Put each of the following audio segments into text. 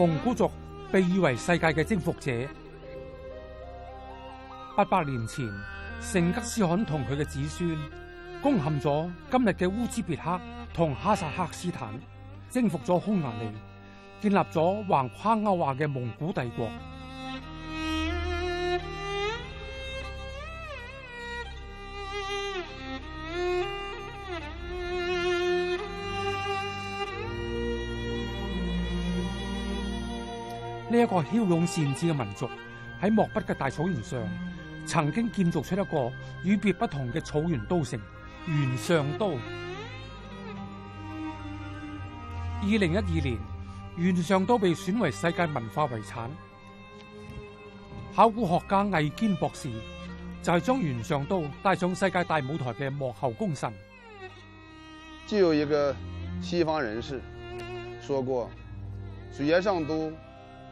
蒙古族被譽為世界嘅征服者。八百年前，成吉思汗同佢嘅子孫攻陷咗今日嘅烏茲別克同哈薩克斯坦，征服咗匈牙利，建立咗橫跨歐亞嘅蒙古帝國。一個驍勇善戰嘅民族喺漠北嘅大草原上，曾經建造出一個與別不同嘅草原都城——元上都。二零一二年，元上都被選為世界文化遺產。考古學家魏堅博士就係、是、將元上都帶上世界大舞台嘅幕後功臣。就有一個西方人士說過：懸上都。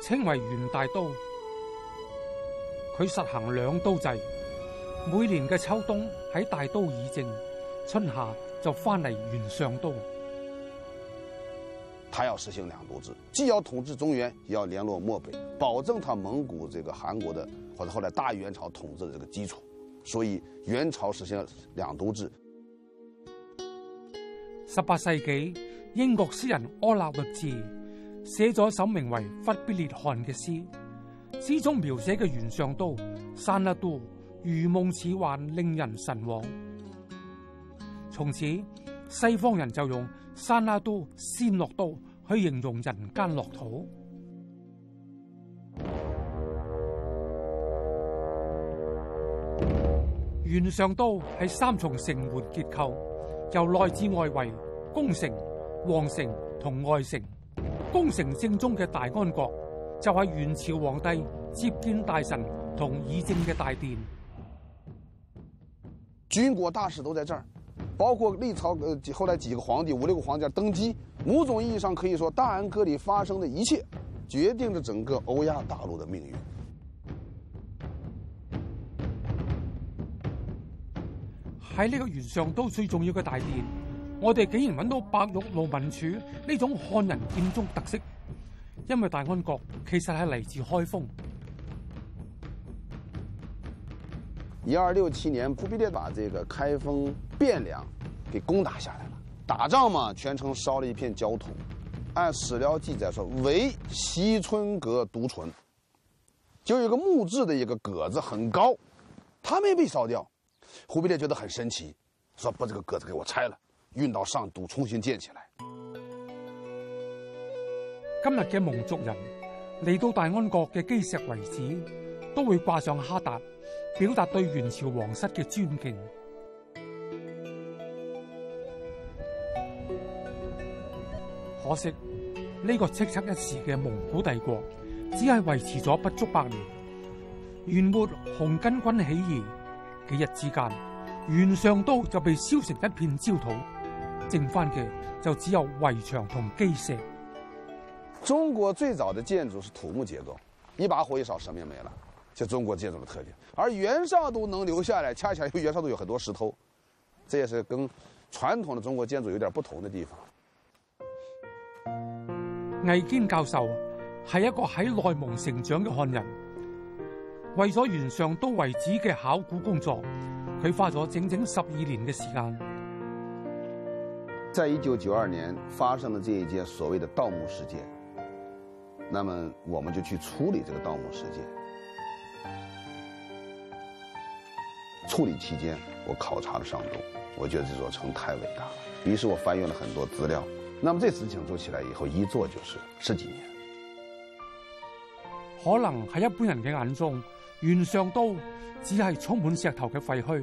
稱為元大都，佢實行兩都制，每年嘅秋冬喺大都議政，春夏就翻嚟元上都。他要實行兩都制，既要統治中原，也要聯絡漠北，保證他蒙古這個汗國的或者後來大元朝統治的這個基礎。所以元朝實行兩都制。十八世紀，英國詩人柯勒律治，寫咗首名為《忽必烈汗》嘅詩，詩中描寫嘅元上都山拉都如夢似幻，令人神往。從此，西方人就用山拉都、仙樂都去形容人間樂土。元上都係三重城門結構，由內至外圍，宮城、皇城同外城。同愛城宮城正中嘅大安閣，就係元朝皇帝接見大臣同議政嘅大殿。軍國大事都在這兒，包括歷朝呃，後來幾個皇帝五六個皇帝登基。某種意義上可以說，大安閣裏發生嘅一切，決定咗整個歐亞大陸嘅命運。喺呢個元上都最重要嘅大殿。我哋竟然揾到白玉龍紋柱呢種漢人建築特色，因為大安閣其實係嚟自開封。一二六七年，忽必烈把這個開封、汴梁給攻打下來了。打仗嘛，全城燒了一片焦土。按史料記載說，唯西春閣獨存，就有一個木質的一個閣子，很高，它沒被燒掉。忽必烈覺得很神奇，說把這個閣子給我拆了。運到上都重新建起來。今日嘅蒙族人嚟到大安國嘅基石遺址，都會掛上哈達，表達對元朝皇室嘅尊敬。可惜呢個叱咤一時嘅蒙古帝國，只係維持咗不足百年。元末紅巾軍起義，幾日之間，元上都就被燒成一片焦土。剩翻嘅就只有圍牆同基石。中國最早的建築是土木結構，一把火一掃，什麼也沒啦，就中國建築嘅特點。而元上都能留下來，恰恰元上都有很多石頭，這也是跟傳統的中國建築有點不同的地方。魏堅教授係一個喺內蒙成長嘅漢人，為咗元上都遺址嘅考古工作，佢花咗整整十二年嘅時間。在一九九二年發生了這一件所謂的盜墓事件，那麼我們就去處理這個盜墓事件。處理期間，我考察了上都，我覺得這座城太偉大了。於是我翻閱了很多資料，那麼這事情做起來以後，一做就是十幾年。可能喺一般人嘅眼中，元上都只係充滿石頭嘅廢墟，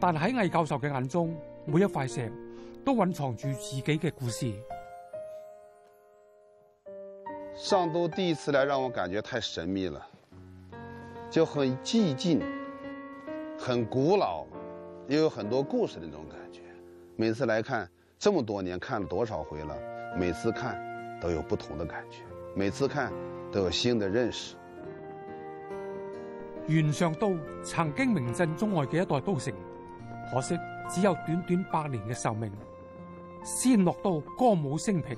但喺魏教授嘅眼中，每一塊石都蘊藏住自己嘅故事。上都第一次來，讓我感覺太神秘了，就很寂靜，很古老，又有很多故事嘅那種感覺。每次來看，這麼多年看了多少回了，每次看都有不同的感覺，每次看都有新的認識。元上都曾經名震中外嘅一代都城，可惜只有短短八年嘅壽命。先落到歌舞升平、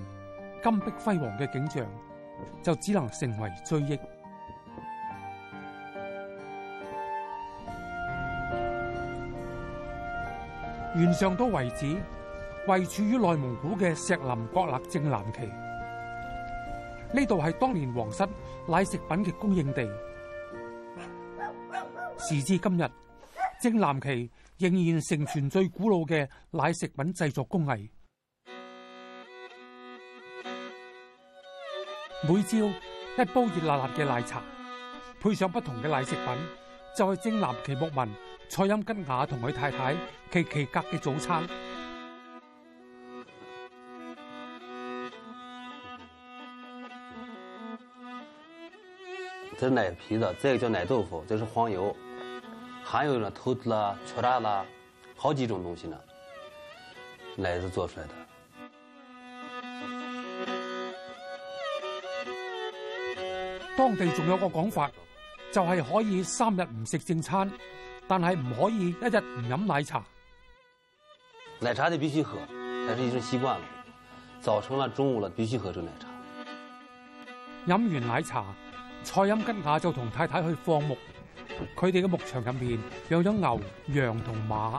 金碧輝煌嘅景象，就只能成為追憶。元上都遺址位處於內蒙古嘅錫林郭勒正藍旗，呢度係當年皇室奶食品嘅供應地。時至今日，正藍旗仍然承傳最古老嘅奶食品製作工藝。每朝一煲熱辣辣嘅奶茶，配上不同嘅奶食品，正藍旗牧民蔡欽吉雅同佢太太其其格嘅早餐。這是奶皮子，這個叫奶豆腐，這是黃油，還有呢兔子啦、雀辣啦，好幾種東西呢，奶子做出來的。當地仲有個講法，就係可以三日唔食正餐，但係唔可以一日唔飲奶茶。奶茶你必須喝，但係已經習慣了。早晨啦、中午啦，必須喝支奶茶。飲完奶茶，蔡鈴跟下，就同太太去放牧。佢哋嘅牧場入面有咗牛、羊同馬。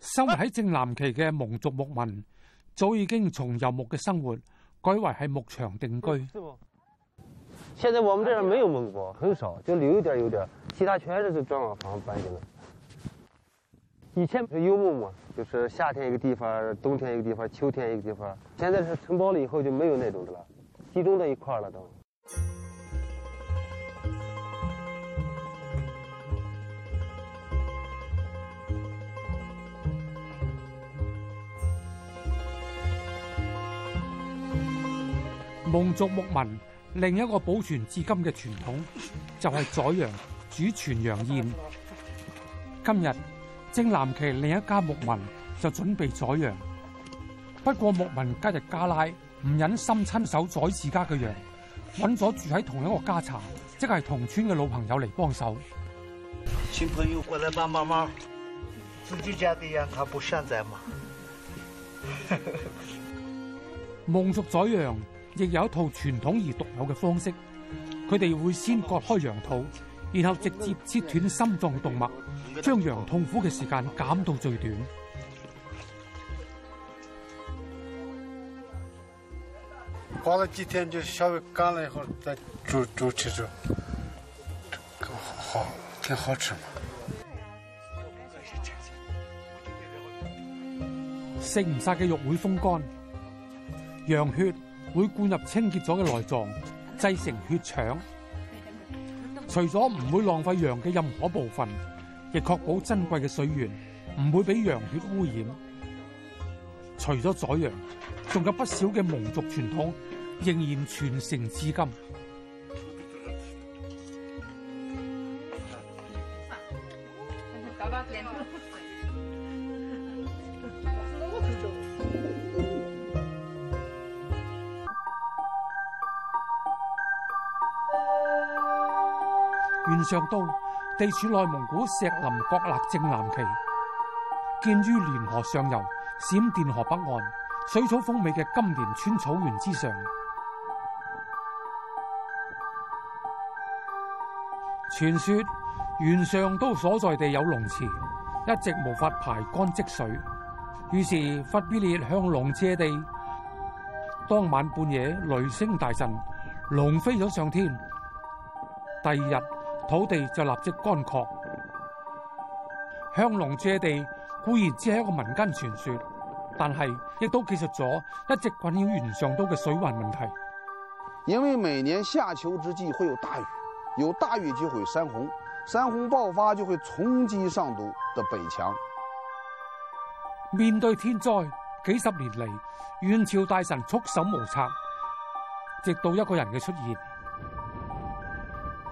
生活喺正藍旗的蒙族牧民，早已經從遊牧的生活改為喺牧場定居。現在我們這邊沒有蒙古包，很少，就留一點有點，其他全都是磚瓦房搬進來。以前遊牧嘛，就是夏天一個地方，冬天一個地方，秋天一個地方。現在是承包了以後就沒有那種的了，集中在一塊了都。蒙族牧民另一個保存至今嘅傳統，就係宰羊、煮全羊宴。今日正藍旗另一家牧民就準備宰羊，不過牧民吉日加拉唔忍心親手宰自家嘅羊，揾咗住喺同一個家巢，即係同村嘅老朋友嚟幫手。新朋友過來幫幫忙嗎，自己家嘅羊他不想宰嘛。 蒙族宰羊，亦有一套傳統而獨有嘅方式，佢哋會先割開羊肚，然後直接切斷心臟動脈，將羊痛苦嘅時間減到最短。過了幾天就稍微乾了以後再煮煮吃，好，好吃嘛？食唔晒嘅肉會風乾，羊血。會灌入清潔咗嘅內臟，製成血腸。除咗唔會浪費羊嘅任何部分，亦確保珍貴嘅水源唔會俾羊血污染。除咗宰羊，仲有不少嘅蒙族傳統仍然傳承至今。元上都地處內蒙古錫林郭勒正藍旗，建於灤河上游閃電河北岸、水草豐美嘅金蓮川草原之上。傳說元上都所在地有龍池，一直無法排乾積水，於是忽必烈向龍借地。當晚半夜雷星，雷聲大震，龍飛咗上天。第二日。土地就立即乾涸，向龍借地固然只係一個民間傳說，但係亦都記述咗一直困擾元上都嘅水患問題。因為每年夏秋之際會有大雨，有大雨就會山洪，山洪爆發就會衝擊上都的北牆。面對天災，幾十年嚟元朝大臣束手無策，直到一個人嘅出現。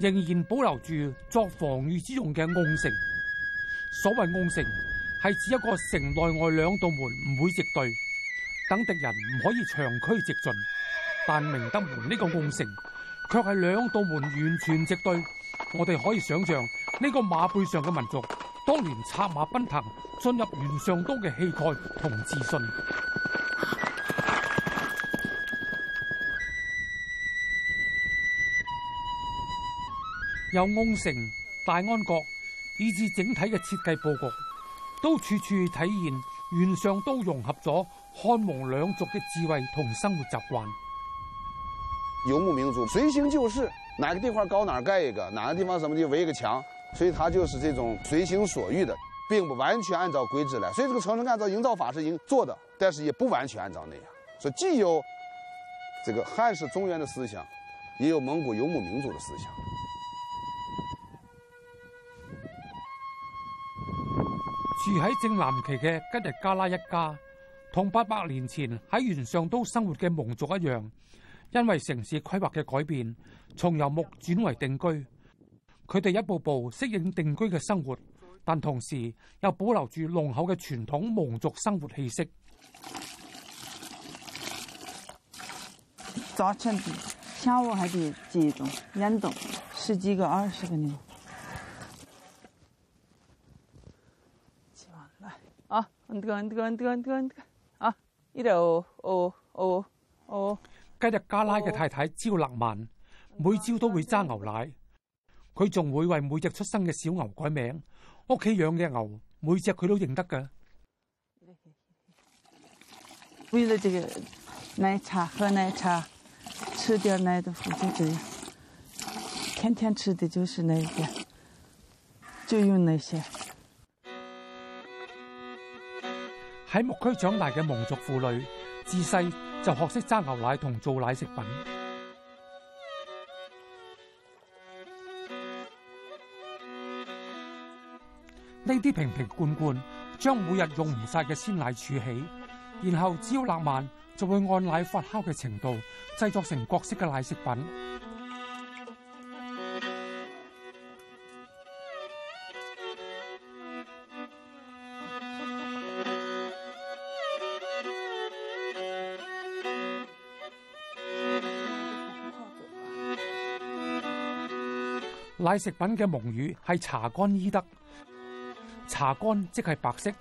仍然保留住作防御之用嘅瓮城。所謂瓮城係指一個城內外兩道門唔會直對，等敵人唔可以長驅直進。但明德門呢個瓮城卻係兩道門完全直對，我哋可以想象呢個馬背上嘅民族當年策馬奔騰進入元上都嘅氣概同自信。有甕城、大安閣，以至整體的設計佈局都處處體現元上都融合咗漢蒙兩族的智慧同生活習慣。遊牧民族隨行就市，是，哪個地方高哪兒蓋一個，哪個地方什麼地圍一個牆，所以它就是這種隨心所欲的，並不完全按照規制來。所以這個城市按照營造法式營做的，但是也不完全按照那樣，所以既有這個漢式中原的思想，也有蒙古遊牧民族的思想。住喺正藍旗嘅吉日加拉一家，同八百年前喺原上都生活嘅蒙族一樣，因為城市規劃嘅改變，從游牧轉為定居，佢 哋一步步適應定居嘅生活，但同時又保留住濃厚嘅傳統蒙族生活氣息。早晨下午喺邊住咗，嚴冬十幾個二十個年。嗯嗯嗯嗯、啊！呢度哦哦哦！今、啊、日、啊啊啊啊啊啊、加拉嘅太太超浪漫，每朝都會揸牛奶，佢仲會為每隻出生嘅小牛改名。屋企養嘅牛，每隻佢都認得㗎。為了這個奶茶，喝奶茶，吃點奶豆腐，就天天吃的就是那一、個、就用那些、個。喺牧區長大嘅蒙族婦女，自細就學識揸牛奶同做奶食品。呢啲瓶瓶罐罐將每日用唔晒嘅鮮奶儲起，然後只要臘萬，就會按奶發酵嘅程度製作成各式嘅奶食品。賣食品嘅蒙語係查干伊德，查干即係白色，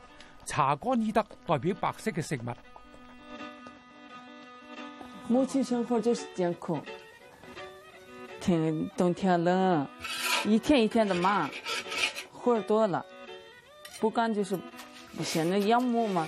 查干伊德代表白色嘅食物。母親生活就是艱苦，天冬天冷，一天一天的忙，活多了，不幹就是不行，得養母嗎？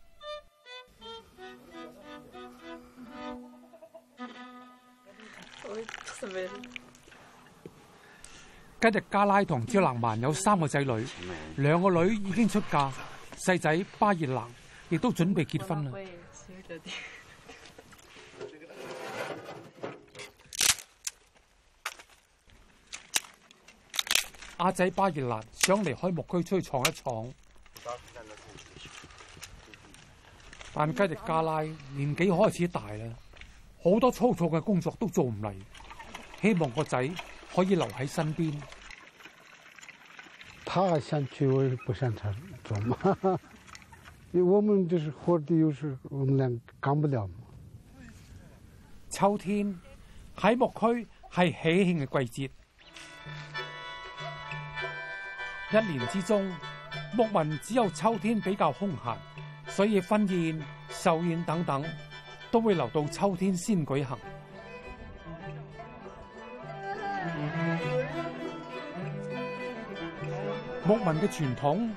吉迪加拉同焦蘭曼有三個仔女，兩個女已經出嫁，細仔巴熱蘭亦都準備結婚啦。阿仔 巴熱蘭想離開牧區出去闖一闖，但吉迪加拉年紀開始大啦，好多粗糙嘅工作都做唔嚟，希望個仔。可以留喺身邊。他想去，我也不想他走嘛。我們就是活的，有時我們兩扛不了嘛。秋天喺牧區係喜慶嘅季節。一年之中，牧民只有秋天比較空閒，所以婚宴、壽宴等等都會留到秋天先舉行。牧民嘅傳統，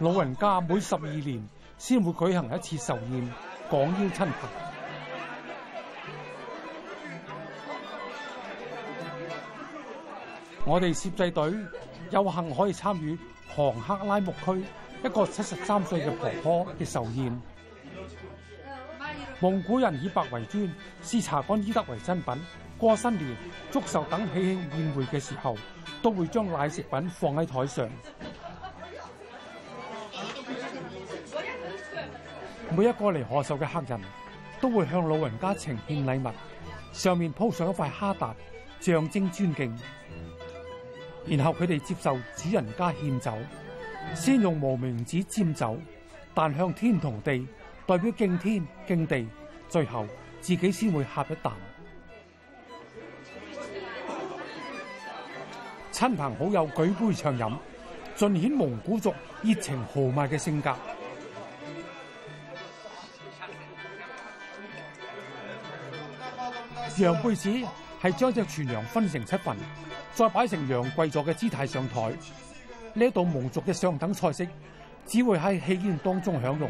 老人家每十二年先會舉行一次壽宴，廣邀親朋。我哋攝製隊有幸可以參與杭克拉牧區一個七十三歲嘅婆婆嘅壽宴。蒙古人以白為尊，視查干伊德為珍品。過新年、祝壽等喜慶宴會嘅時候，都會將奶食品放喺台上，每一個嚟賀壽嘅客人，都會向老人家呈獻禮物，上面鋪上一塊哈達，象徵尊敬，然後佢哋接受主人家獻酒，先用無名指沾酒，彈向天同地，代表敬天敬地，最後自己先會呷一啖。親朋好友舉杯暢飲，盡顯蒙古族熱情豪邁嘅性格。羊背子係將隻全羊分成七份，再擺成羊跪坐嘅姿態上台。呢一道蒙族嘅上等菜式，只會喺喜宴當中享用。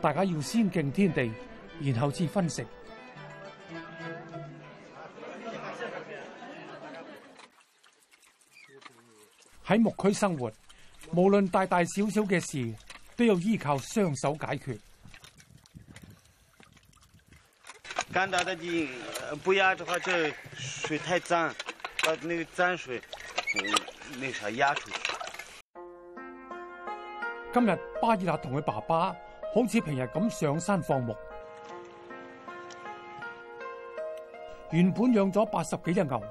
大家要先敬天地，然後至分食。喺牧區生活，無論大大小小嘅事，都要依靠雙手解決。干打的不壓的話，就水太髒，把那個髒水，嗯，那啥壓出去。今日巴爾納同佢爸爸好似平日咁上山放牧，原本養咗八十幾隻牛，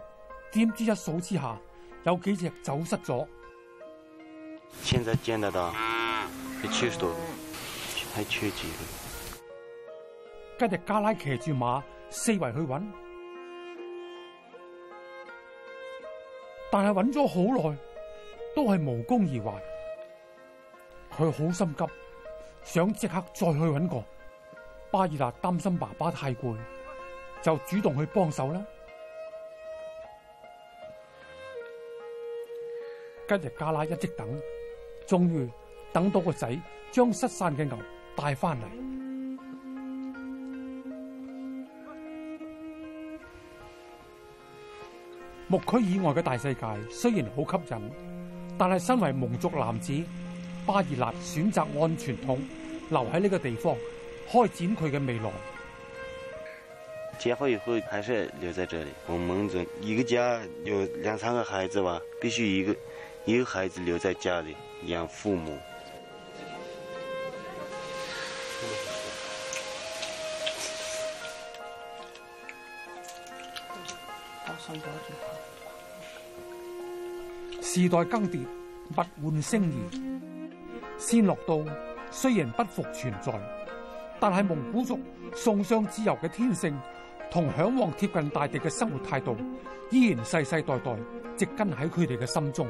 點知一數之下，有幾隻走失咗。現在見得到，有七十多，缺幾個？吉日加拉騎住馬四圍去揾，但係揾咗好耐都係無功而還。佢好心急，想即刻再去揾個。巴爾納擔心爸爸太攰，就主動去幫手啦。吉日加拉一直等，終於等到個仔將失散嘅牛帶翻嚟。牧 區以外嘅大世界雖然好吸引，但係身為蒙族男子，巴爾納選擇按傳統留喺呢個地方開展佢嘅未來。結婚以後還是留在這裡，我們一個家有兩三個孩子吧，必須一個。一個孩子留在家裏養父母。時代更迭，物換星移。仙樂都雖然不復存在，但係蒙古族崇尚自由嘅天性同向往貼近大地嘅生活態度，依然世世代代植根喺佢哋嘅心中。